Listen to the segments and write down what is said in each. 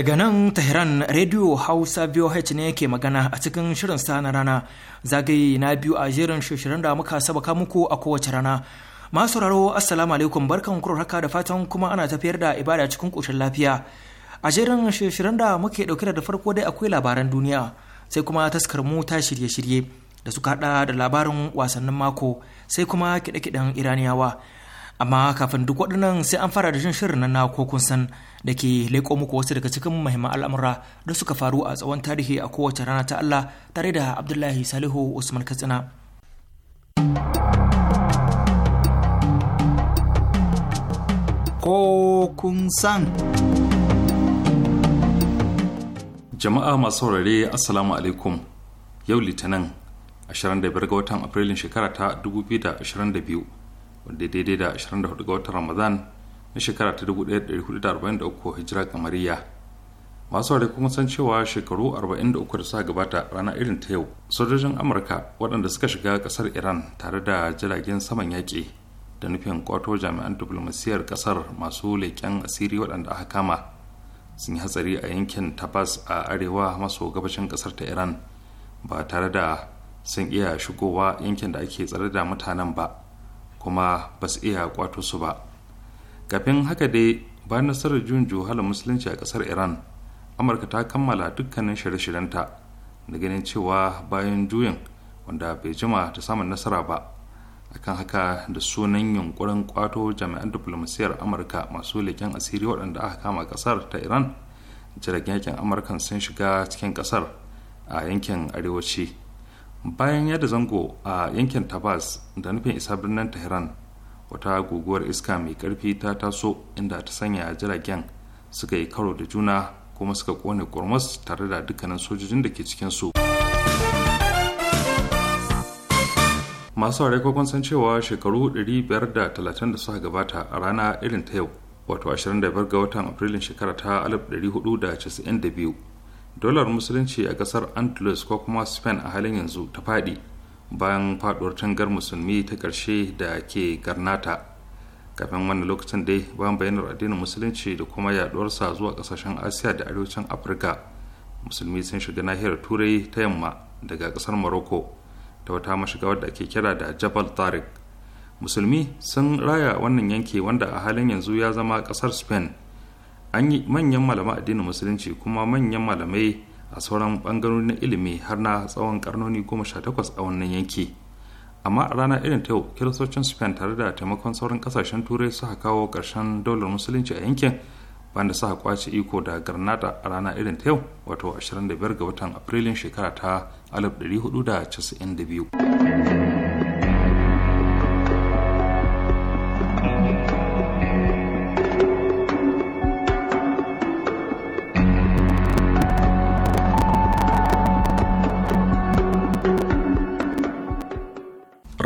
Daga nan Tehran Radio Hausa VOH ne ke magana a cikin shirin sa na rana zagaye na biyu a jerin shirin da muka sabaka muku a kowace rana. Masu raro Assalamu alaikum barkan haka da fatan kuma ana tafiyar da ibada cikin ƙoshin lafiya. A jerin shirin da muke ɗauke da farko dai akwai labaran duniya sai kuma taskar mu ta shirye-shirye da suka da labarin wasannin mako sai kuma kiɗe-kiɗen Iraniyawa. amma kafin duk waɗannan sai an fara da jin shirin na ko kun san da ke leƙo muku wasu daga cikin muhimman al'amura da suka faru a tsawon tarihi a kowace rana ta Allah tare da Abdullahi Salihu Usman Katsina. kokun san. Jama'a masu saurare Assalamu alaikum yau Litinin 25 ga watan Afrilun shekara ta 2022 wanda daidai da 24 ga watan ramadan na shekara ta 1443 hijira kamariya masu ware kuma san cewa shekaru 43 da suka gabata rana irin ta yau sojojin amurka waɗanda suka shiga ƙasar iran tare da jiragen saman yaƙi da nufin kwato jami'an diflomasiyyar ƙasar masu leƙen asiri waɗanda aka kama sun yi hatsari a yankin tabas a arewa maso gabashin ƙasar ta iran ba tare da sun iya shigowa yankin da ake tsare da mutanen ba kuma ba su iya kwato su ba kafin haka dai bayan nasarar jun juhalar musulunci a kasar iran amurka ta kammala dukkanin shirye-shiryenta da ganin cewa bayan juyin wanda bai jima ta samun nasara ba akan haka da sunan yunkurin kwato jami'an diplomasiyar amurka masu leken asiri waɗanda aka kama ƙasar ta iran jiragen yakin amurkan sun shiga cikin ƙasar a yankin arewaci bayan yadda zango a yankin tabas da nufin isa birnin tehran wata guguwar iska mai karfi ta taso inda ta sanya jiragen suka yi karo da juna kuma suka kone kurmus tare da dukkanin sojojin da ke su masu ware kwakwan san cewa shekaru 530 da suka gabata a rana irin ta yau wato 25 ga watan afrilun shekara ta 1492 dolar musulunci a kasar andalus ko kuma spain a halin yanzu ta faɗi bayan faduwar tangar musulmi ta karshe da ke garnata kafin wannan lokacin dai bayan bayanar addinin musulunci da kuma yaduwarsa zuwa ƙasashen asiya da arewacin afirka musulmi sun shiga nahiyar turai ta yamma daga kasar morocco ta wata mashiga wadda ake kira da jabal tariq musulmi sun raya wannan yanki wanda a halin yanzu ya zama kasar spain an yi manyan malamai addinin musulunci kuma manyan malamai a sauran bangarori na ilimi har na tsawon karnoni goma sha takwas a wannan yanki amma a rana irin ta yau kiristocin spain tare da taimakon sauran kasashen turai suka kawo karshen daular musulunci a yankin banda suka kwace iko da granada a rana irin ta yau wato 25 ga watan afrilun shekara ta 1492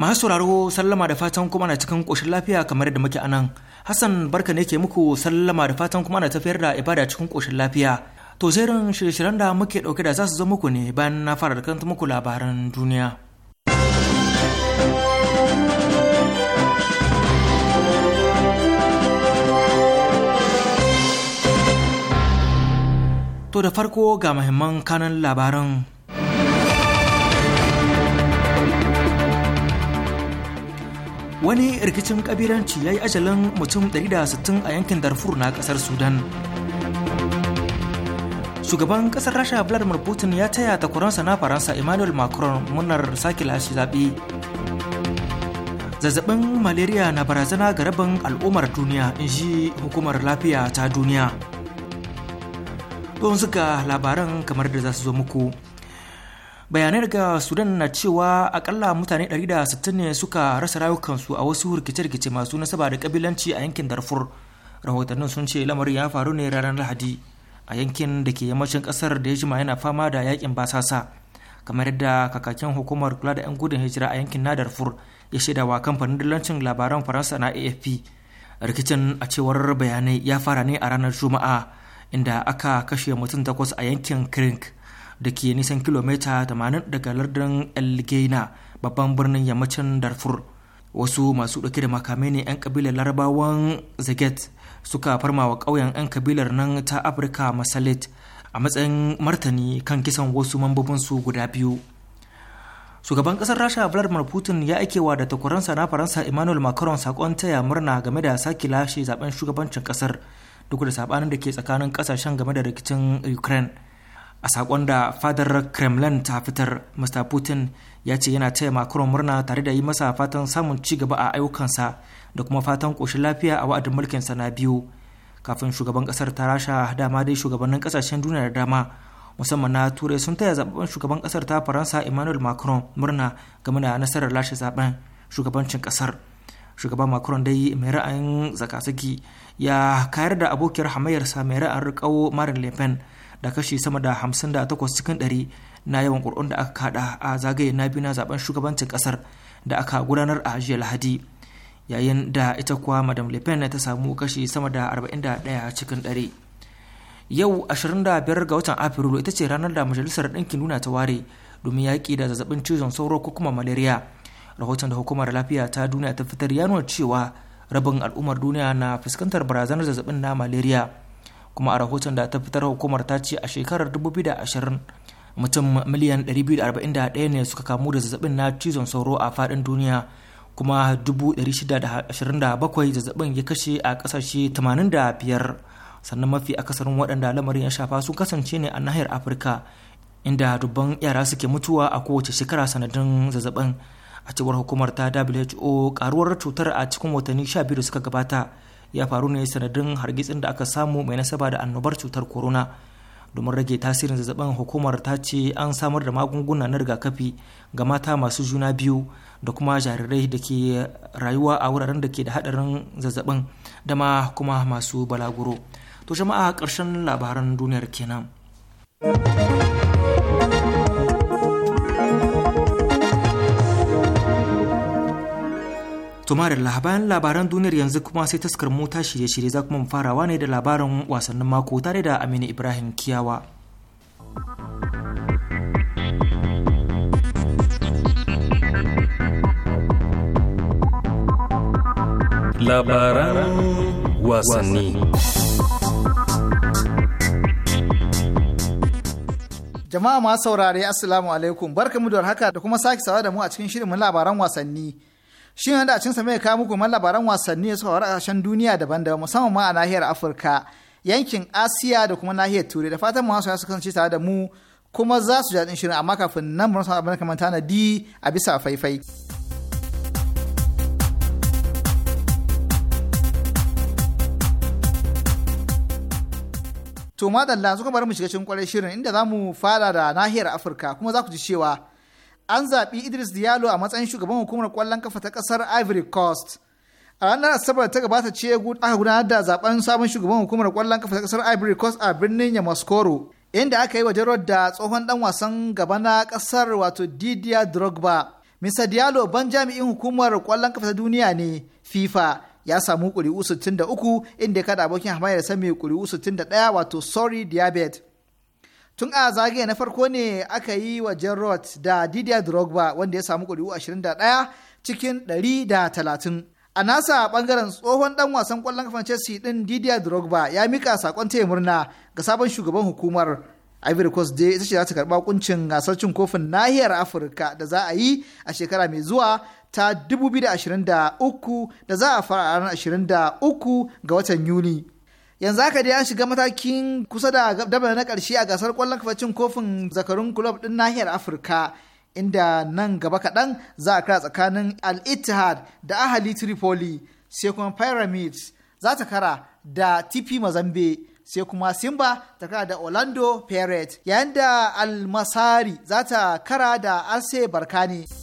masu sauraro sallama da fatan kuma na cikin ƙoshin lafiya kamar da muke anan hassan barka ne ke muku sallama da fatan kuma na tafiyar da ibada cikin ƙoshin lafiya to jerin shirye-shiryen da muke ɗauke da za su zo muku ne bayan na fara da kanta muku labaran duniya to da farko ga mahimman kanan labaran wani rikicin kabilanci ya yi ajalin mutum 160 a yankin darfur na kasar sudan shugaban kasar rasha vladimir putin ya taya takwaransa na faransa emmanuel macron munar sake lashe zaɓe zazzabin malaria na barazana ga rabin al'ummar duniya in ji hukumar lafiya ta duniya don suka labaran kamar da za su zo muku bayanai daga sudan na cewa akalla mutane 160 ne suka rasa rayukansu a wasu rikice-rikice masu nasaba da kabilanci a yankin darfur rahotannin sun ce lamarin ya faru ne ranar lahadi a yankin da ke yammacin kasar da ya jima yana fama da yakin basasa kamar yadda kakakin hukumar kula da 'yan gudun hijira a yankin na darfur ya shaidawa kamfanin dillancin labaran faransa na afp rikicin a cewar bayanai ya fara ne a ranar juma'a inda aka kashe mutum takwas a yankin krink da ke nisan kilomita 80 daga lardin El Geina babban birnin yammacin Darfur. Wasu masu ɗauke da makamai ne 'yan kabilar larabawan Zaget suka farma wa ƙauyen 'yan kabilar nan ta Afirka Masalit a matsayin martani kan kisan wasu mambobinsu guda biyu. Shugaban ƙasar Rasha Vladimir Putin ya aikewa da takwaransa na Faransa Emmanuel Macron saƙon taya murna game da sake lashe zaben shugabancin ƙasar duk da sabanin da ke tsakanin ƙasashen game da rikicin Ukraine. a sakon da fadar kremlin ta fitar mr putin ya ce yana taya makron murna tare da yi masa fatan samun ci gaba a ayyukansa da kuma fatan koshin lafiya a wa'adin mulkinsa na biyu kafin shugaban kasar ta rasha dama dai shugabannin kasashen duniya da dama musamman na turai sun taya zababben shugaban kasar ta faransa emmanuel macron murna game da nasarar lashe zaben shugabancin kasar shugaban macron dai mai ra'ayin zakasaki ya kayar da abokiyar hamayyarsa mai ra'ayin riƙau marin le da kashi sama da 58 cikin 100 na yawan kur'un da aka kada a zagaye na biyu na zaben shugabancin kasar da aka gudanar a jiya lahadi yayin da ita kuwa madam le pen ta samu kashi sama da 41 cikin 100 yau 25 ga watan afrilu ita ce ranar da majalisar ɗinkin nuna ta ware domin yaƙi da zazzabin cizon sauro ko kuma malaria rahoton da hukumar lafiya ta duniya ta fitar yanuwar cewa rabin al'ummar duniya na fuskantar barazanar zazzabin na malaria kuma a rahoton da ta fitar hukumar ta ce a shekarar 2020 mutum miliyan 241 ne suka kamu da zazzabin na cizon sauro a fadin duniya kuma 627 zazzabin ya kashe a kasashe 85 sannan mafi akasarin waɗanda lamarin ya shafa sun kasance ne a nahiyar afirka inda dubban yara suke mutuwa a kowace shekara sanadin zazzabin a cewar hukumar ta who karuwar cutar a cikin watanni 12 suka gabata ya faru ne sanadin hargitsin da aka samu mai nasaba da annobar cutar corona domin rage tasirin zazzabin hukumar ta ce an samar da magunguna na rigakafi ga mata masu juna biyu da kuma jarirai da ke rayuwa a wuraren da ke da hadarin zazzabin da ma kuma masu balaguro to jama'a ƙarshen labaran duniyar kenan. Tumarilla bayan labaran duniyar yanzu kuma sai taskar mota shirye-shirye za kuma farawa ne da labarin wasannin mako tare da Aminu Ibrahim Kiyawa. Labaran wasanni. Jama'a masu saurare Assalamu alaikum barkamu da haka da kuma sake sawa da mu a cikin shirin labaran wasanni. Shin yadda a cin sa mai muku man labaran wasanni suka wara duniya daban-daban musamman ma a nahiyar Afirka, yankin Asiya da kuma nahiyar Turai da fatan mu su kasance tare da mu kuma za su jaɗin shirin amma kafin nan mu rasa abin kamar tanadi a bisa faifai. To madalla suka bari mu shiga cikin kwarai shirin inda za mu fara da nahiyar Afirka kuma za ku ji cewa an zaɓi Idris Diallo a matsayin shugaban hukumar ƙwallon kafa ta ƙasar Ivory Coast. A ranar Asabar ta gabata ce aka gudanar da zaben sabon shugaban hukumar ƙwallon kafa ta ƙasar Ivory Coast a birnin Yamaskoro, inda aka yi wa jarod da tsohon ɗan wasan gaba na ƙasar wato Didier Drogba. Mr. Diallo ban jami'in hukumar kwallon kafa ta duniya ne FIFA ya samu ƙuri'u 63 inda ya kada abokin hamayar sa mai ƙuri'u 61 wato Sorry Diabet. tun a zagaye na farko ne aka yi wa Gerrard da Didier Drogba wanda ya samu ƙuri'u 21 cikin 130. A nasa bangaren tsohon dan wasan kwallon kafan Chelsea din Didier Drogba ya mika sakon taya murna ga sabon shugaban hukumar Ivory Coast dai ita ce za ta karba kuncin gasar cin kofin nahiyar Afirka da za a yi a shekara mai zuwa ta 2023 da za a fara a ranar 23 ga watan Yuni. yanzu haka dai ya shiga matakin kusa da dabar na karshe a gasar kwallon kafa kofin zakarun kulob din nahiyar afirka inda nan gaba kaɗan za a kara tsakanin al-ittihad da ahali tripoli sai kuma pyramids za ta kara da tp mazambe sai kuma simba ta kara da orlando pirates yayin da al-masari za ta kara da arse barkani.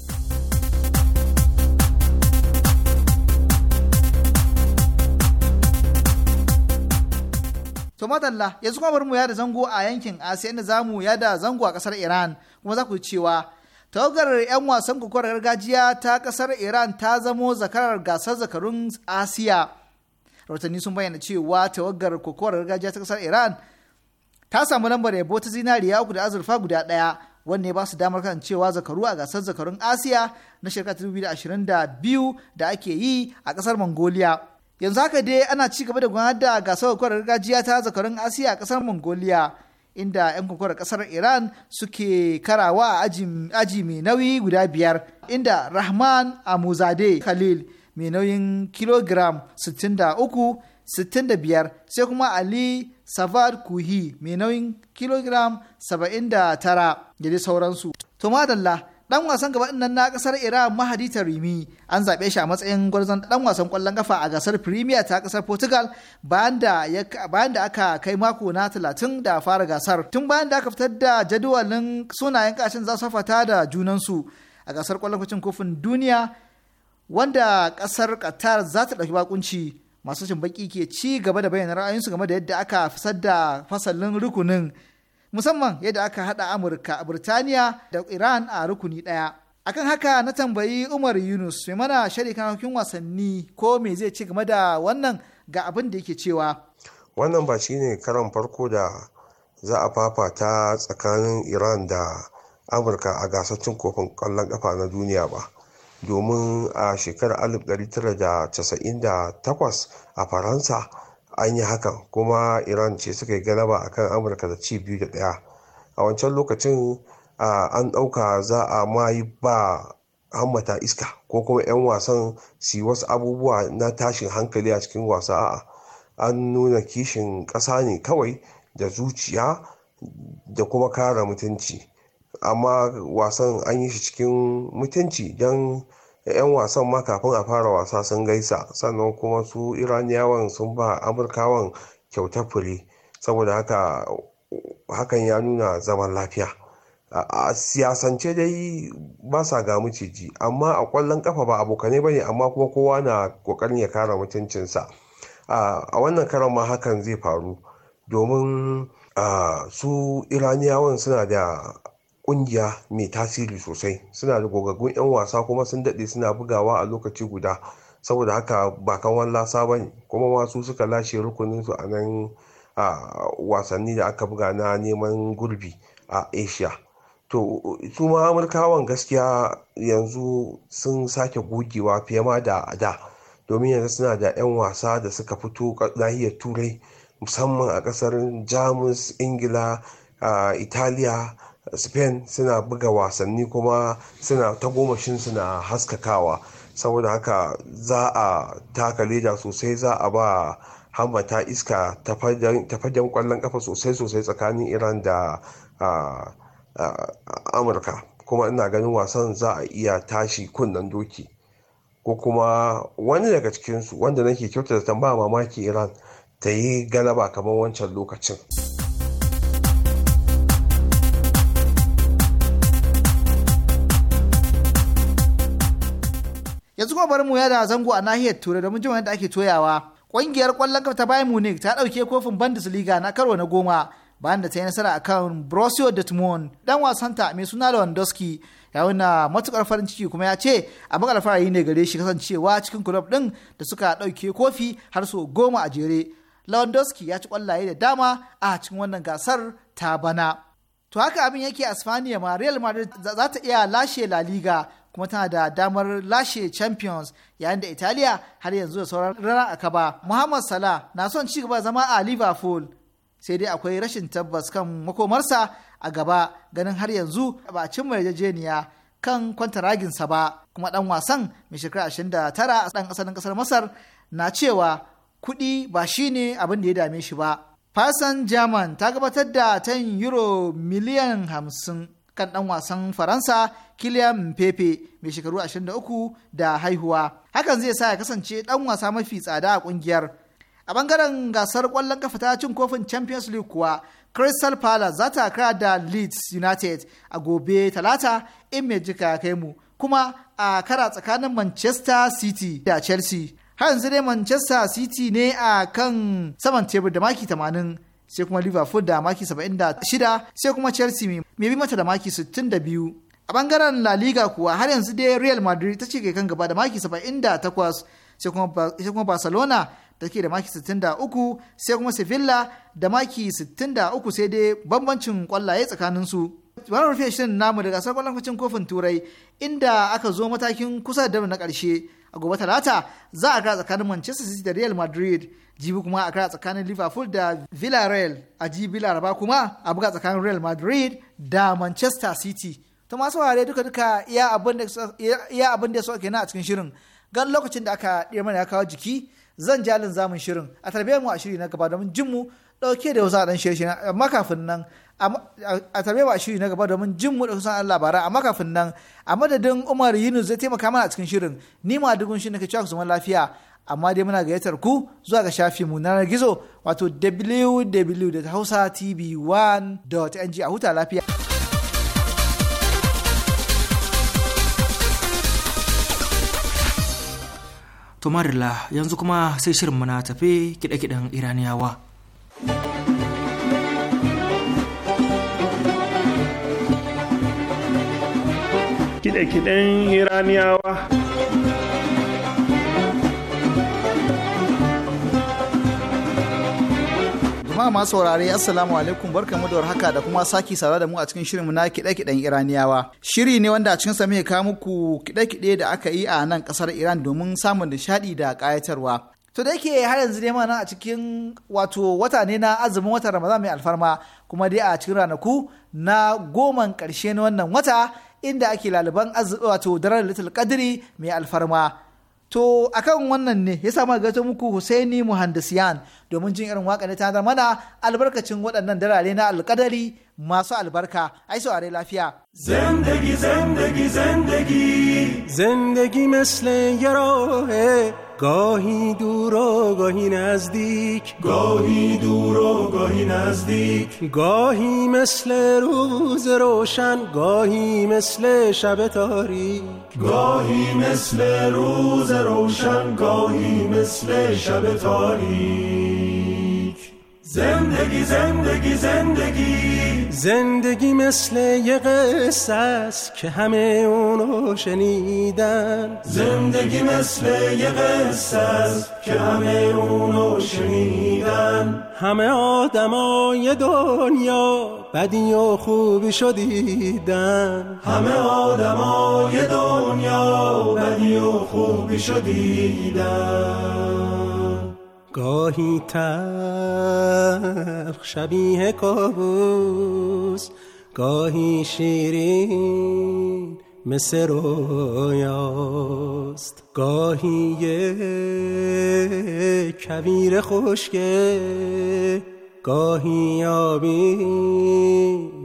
To madalla yanzu kuma bari mu yada zango a yankin Asiya inda zamu yada zango a kasar Iran kuma za ku cewa tawagar 'yan wasan kokowar gargajiya ta kasar Iran ta zamo zakarar gasar zakarun Asiya. Rahotanni sun bayyana cewa tawagar kokowar gargajiya ta kasar Iran ta samu lambar yabo ta zinariya uku da azurfa guda ɗaya wanne ba su damar cewa zakaru a gasar zakarun Asiya na shekara 2022 da ake yi a kasar Mongolia. yanzu haka dai ana ci gaba da gudanar da gasar kwarar gargajiya ta zakarun asiya a kasar mongolia inda 'yan kwakwar kasar iran suke karawa a aji mai nauyi guda biyar inda rahman amuzade khalil mai nauyin kilogram 63 65 sai kuma ali savad kuhi mai nauyin kilogram 79 da sauransu to madalla dan wasan gaba nan na kasar Iran mahdi Tarimi an zaɓe shi a matsayin gwarzon dan wasan ƙwallon kafa a gasar Premier ta kasar Portugal bayan da aka kai mako na 30 da fara gasar tun bayan da aka fitar da jadawalin sunayen kashin za su fata da junansu a gasar ƙwallon kofin duniya wanda kasar Qatar za ta ɗauki bakunci masu cin baki ke ci gaba da bayyana ra'ayinsu game da yadda aka fasar da fasalin rukunin musamman yadda aka haɗa amurka birtaniya da iran a rukuni ɗaya akan haka na tambayi umar yunus mai mana shari kan wasanni ko me zai ci game da wannan ga abin da yake cewa wannan ba shi ne karan farko da za a fafata tsakanin iran da amurka a gasar cin kofin ƙwallon ƙafa na duniya ba domin a shekarar 1998 a faransa an yi hakan kuma iran ce suka yi galaba a kan amurka da ci biyu da ɗaya a wancan lokacin an ɗauka za a ma ba hammata iska ko kuma 'yan wasan si wasu abubuwa na tashin hankali a cikin wasa a an nuna kishin ƙasa ne kawai da zuciya da kuma kara mutunci amma wasan an yi shi cikin mutunci don 'yan wasan ma kafin a fara wasa sun gaisa sannan kuma su iraniyawan sun ba amurkawan kyauta fure saboda haka hakan ya nuna zaman lafiya a siyasance dai ba sa ga miciji amma a kwallon kafa ba abokanai ne, amma kuma kowa na kokarin ya kara mutuncinsa a wannan karan ma hakan zai faru domin su iraniyawan suna da ƙungiya mai tasiri sosai suna da gogaggun 'yan wasa kuma sun daɗe suna bugawa a lokaci guda saboda haka ba kawan lasa ba ne kuma wasu suka lashe rukuninsu a nan a wasanni da aka buga na neman gurbi a asia to su ma amurkawan gaskiya yanzu sun sake gogewa fiye ma da da domin yanzu suna da 'yan wasa da suka fito nahiyar turai musamman a kasar jamus ingila italiya spain suna buga wasanni kuma suna ta tagomashinsu suna haskakawa saboda haka za a taka leda sosai za a ba hamata iska ta fajen kwallon kafa sosai sosai tsakanin iran da amurka kuma ina ganin wasan za a iya tashi kunnen doki ko kuma wani daga cikinsu wanda nake kyautata ba mamaki iran ta yi galaba kamar wancan lokacin. yanzu kuma bari mu yada zango a nahiyar turai domin jin yadda ake toyawa ƙungiyar ƙwallon kafa ta bayan munich ta ɗauke kofin bundesliga na karo na goma bayan da ta yi nasara a akan Borussia Dortmund dan wasanta mai suna Lewandowski ya wuna matukar farin ciki kuma ya ce a bakar alfahari ne gare shi kasancewa cikin kulob ɗin da suka ɗauke kofi har so goma a jere Lewandowski ya ci kwallaye da dama a cikin wannan gasar ta bana to haka abin yake a Spaniya ma Real Madrid za ta iya lashe La Liga kuma tana da damar lashe champions yayin da italiya har yanzu da sauran rana a kaba muhammad salah na son ci gaba zama a liverpool sai dai akwai rashin tabbas kan makomarsa a gaba ganin har yanzu ba a cimma yarjejeniya kan kwanta kwantaraginsa ba kuma dan wasan mai shekara da 29 dan asalin kasar masar na cewa kuɗi ba shine abin da ya dame shi ba fasan german ta gabatar da 10 euro miliyan hamsin. kan ɗan wasan Faransa Kylian Mpepe mai shekaru 23 da haihuwa. Hakan zai sa ya kasance ɗan wasa mafi tsada a ƙungiyar. A bangaren gasar ƙwallon kafa ta cin kofin Champions League kuwa Crystal Palace za ta kira da Leeds United a gobe talata in mai jika kai mu kuma a kara tsakanin Manchester City da Chelsea. Har yanzu dai Manchester City ne a kan saman tebur da maki 80 sai kuma liverpool da maki 76 sai kuma chelsea mai bi mata da maki 62 a bangaren la liga kuwa har yanzu dai real madrid ta ce kan gaba da maki 78 sai kuma barcelona da ke da maki 63 sai kuma sevilla da maki 63 sai dai bambancin kwallaye tsakaninsu wani rufe shirin namu daga sarkwallon kofin turai inda aka zo matakin kusa da na ƙarshe a gobe talata za a kara tsakanin manchester city da real madrid jibi kuma a kara tsakanin liverpool da villarreal a jibi laraba kuma a buga tsakanin real madrid da manchester city ta masu ware duka duka iya abin da ya so kenan a cikin shirin gan lokacin da aka ɗirma ya kawo jiki zan jalin zamun shirin a tarbiyyar mu a shiri na gaba domin jin mu ɗauke da wasu ɗan shirye a makafin nan a tabe ba shiri na gaba domin jin mu da kusan labarai a makafin nan a madadin Umar Yunus zai taimaka mana a cikin shirin ni ma dugun shi nake cewa ku zama lafiya amma dai muna gayyatar ku zuwa ga shafi mu na gizo wato da www.hausatv1.ng a huta lafiya. To yanzu kuma sai shirin mana tafe kiɗe-kiɗen Iraniyawa. Kiɗe-kiɗen Iraniyawa jama'a masu saurare assalamu alaikum barkamu da haka da kuma saki saurare da mu a cikin shirinmu na kiɗe-kiɗen iraniyawa shiri ne wanda a cikin sa muke kawo muku kiɗe-kiɗe da aka yi a nan ƙasar iran domin samun nishaɗi da ƙayatarwa to da yake har yanzu dai mana a cikin wato wata ne na azumin watan ramadan mai alfarma kuma dai a cikin ranaku na goman karshe na wannan wata inda ake laliban wato daren little kadiri mai alfarma to akan wannan ne ya samu gato muku husaini muhandisiyan domin jin irin waka ta zama mana albarkacin waɗannan darare na alkadari masu albarka ai saurare lafiya zindagi zindagi zindagi zindagi yaro eh. گاهی دور و گاهی نزدیک گاهی دور و گاهی نزدیک گاهی مثل روز روشن گاهی مثل شب تاری گاهی مثل روز روشن گاهی مثل شب تاری زندگی زندگی زندگی زندگی مثل یه قصه است که همه اونو شنیدن زندگی مثل یه قصه است که همه اونو شنیدن همه آدمای دنیا بدی و خوبی شدیدن همه آدمای دنیا بدی و خوبی شدیدن گاهی تلخ شبیه کابوس گاهی شیرین مثل رویاست گاهی یه کویر خشکه گاهی آبی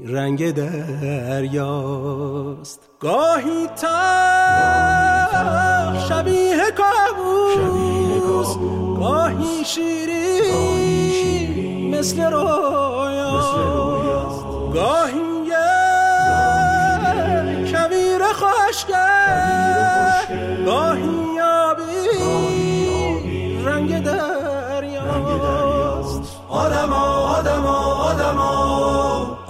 رنگ دریاست گاهی تلخ شبیه کابوس روز گاهی شیری مثل رویاست گاهی یه کبیر خوشگر گاهی آبی رنگ دریاست آدم آدم آدم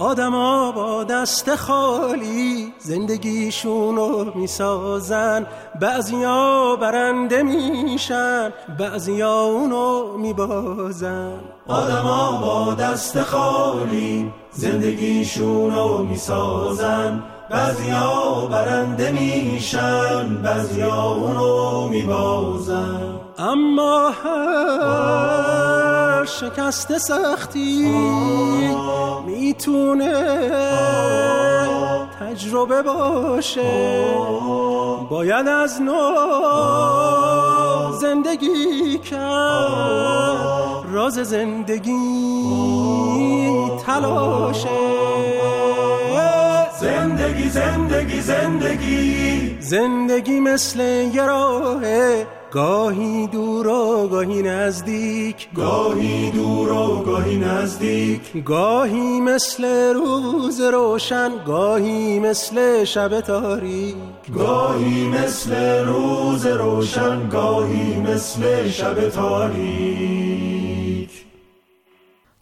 آدما با دست خالی زندگیشونو میسازن بعضیا برنده میشن بعضیا اونو میبازن آدما با دست خالی زندگیشونو میسازن بعضیا برنده میشن بعضیا اونو میبازن اما هر شکست سختی میتونه تجربه باشه باید از نو زندگی کرد راز زندگی تلاشه زندگی زندگی زندگی زندگی مثل یه راهه گاهی دور و گاهی نزدیک گاهی دور و گاهی نزدیک گاهی مثل روز روشن گاهی مثل شب تاری گاهی مثل روز روشن گاهی مثل شب تاری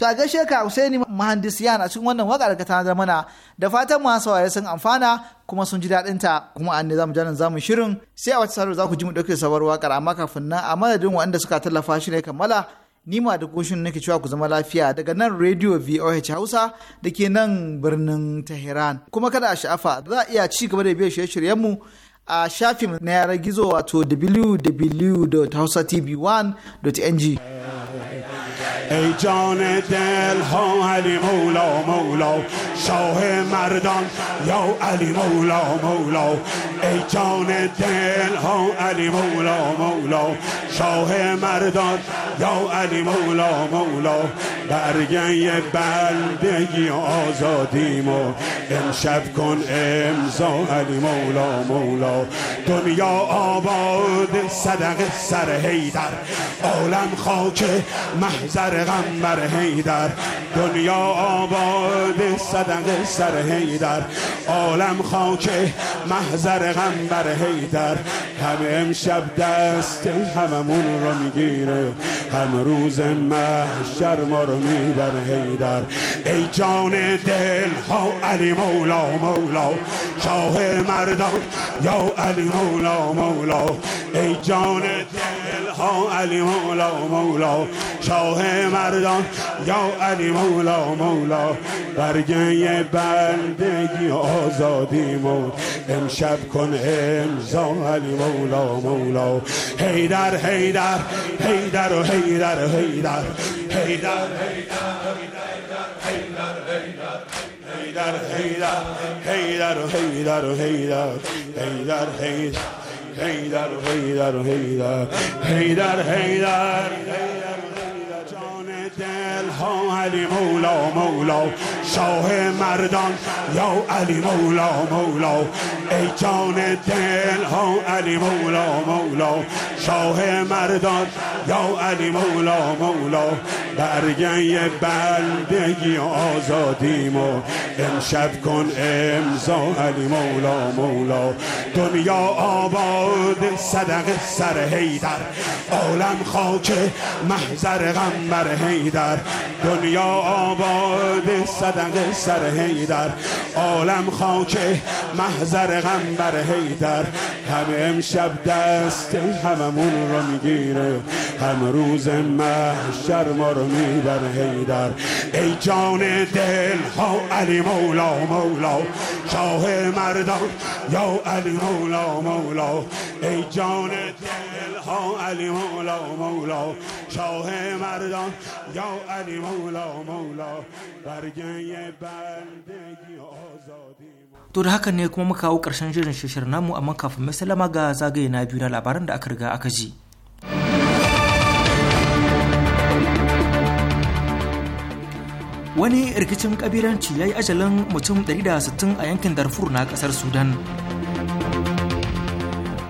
To a gaishe ka Usaini Mahandisiyan a cikin wannan waka da ta da mana da fatan masu sauraye sun amfana kuma sun ji daɗin ta kuma an ne zamu janin zamu shirin sai a wata sarau za ku ji mu dauke sabar amma kafin nan a madadin waɗanda suka tallafa shi ne kammala ni ma da goshin nake cewa ku zama lafiya daga nan Radio VOH Hausa da ke nan birnin Tehran kuma kada a sha'afa za a iya ci gaba da biyan shirye-shiryen mu a shafin na yaran gizo wato www.hausatv1.ng. ای جان دل ها علی مولا مولا شاه مردان یا علی مولا مولا ای جان دل ها علی مولا مولا شاه مردان یا علی مولا مولا برگه بندگی آزادی و امشب کن امضا علی مولا مولا دنیا آباد صدق سر حیدر عالم خاک محضر پیغمبر حیدر دنیا آباد صدق سر حیدر عالم خاک محضر غمبر حیدر همه امشب دست هممون رو میگیره هم روز محشر ما رو میبر حیدر ای جان دل ها علی مولا مولا شاه مردان یا علی مولا مولا ای جان دل ها علی مولا مولا شاه مردان یا علی مولا مولا برگه بندگی آزادی امشب کن امزا علی مولا مولا هیدر هیدر هیدر و هیدر هیدر هیدر هیدر هیدر هیدر هیدر هیدر هیدر هیدر هیدر هیدر جان دل ها علی مولا مولا شاه مردان یا علی مولا مولا ای جان دل ها علی مولا مولا شاه مردان یا علی مولا مولا برگه بندگی آزادیم و امشب کن امضا علی مولا مولا دنیا آباد صدق سر حیدر عالم خاک محضر بر حیدر دنیا آباد صدق سر حیدر عالم خاک محضر پیغمبر حیدر همه امشب دست هممون رو میگیره هم روز محشر ما رو میبره حیدر ای جان دل ها علی مولا مولا شاه مردان یا علی مولا مولا ای جان دل ها علی مولا مولا شاه مردان یا علی مولا مولا برگه بندگی آزادی To da hakan ne kuma muka kawo ƙarshen shirin shishir namu amma kafin mai salama ga zagaye na biyu na labaran da aka riga aka ji. Wani rikicin kabilanci ya yi ajalin mutum 160 a yankin Darfur na kasar Sudan.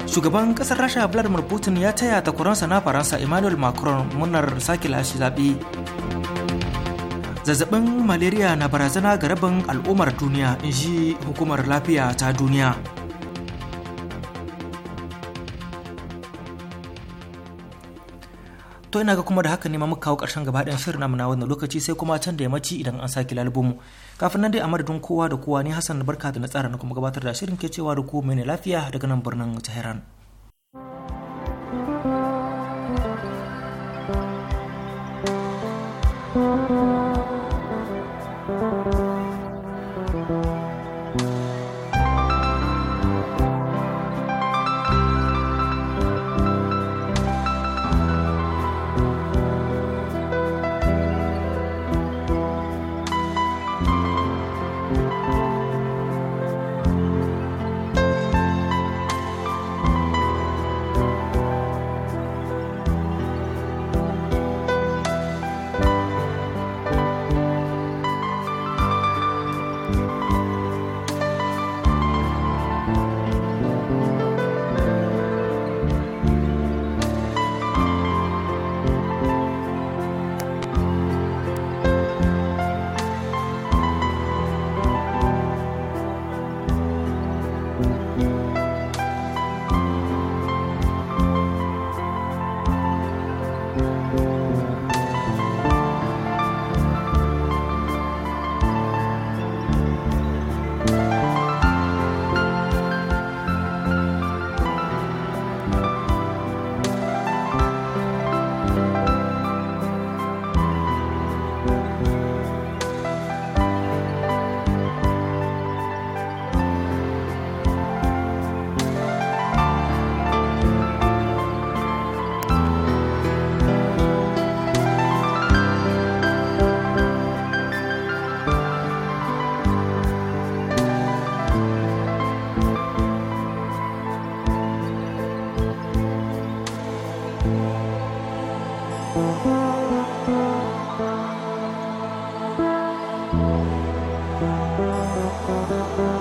Shugaban ƙasar Rasha Vladimir Putin ya taya takwaransa na Faransa Emmanuel Macron murnar sake lashe zaɓe. zazzabin malaria na barazana ga rabin al'ummar duniya in ji hukumar lafiya ta duniya to ina ga kuma da haka ne ma muka kawo ƙarshen gabaɗayan shirin namu na wannan lokaci sai kuma can da mace idan an sake mu kafin nan dai a madadin kowa da kowa ne hassan barka da na tsara na kuma gabatar da shirin ke cewa da ku mai lafiya daga nan birnin tehran Thank you.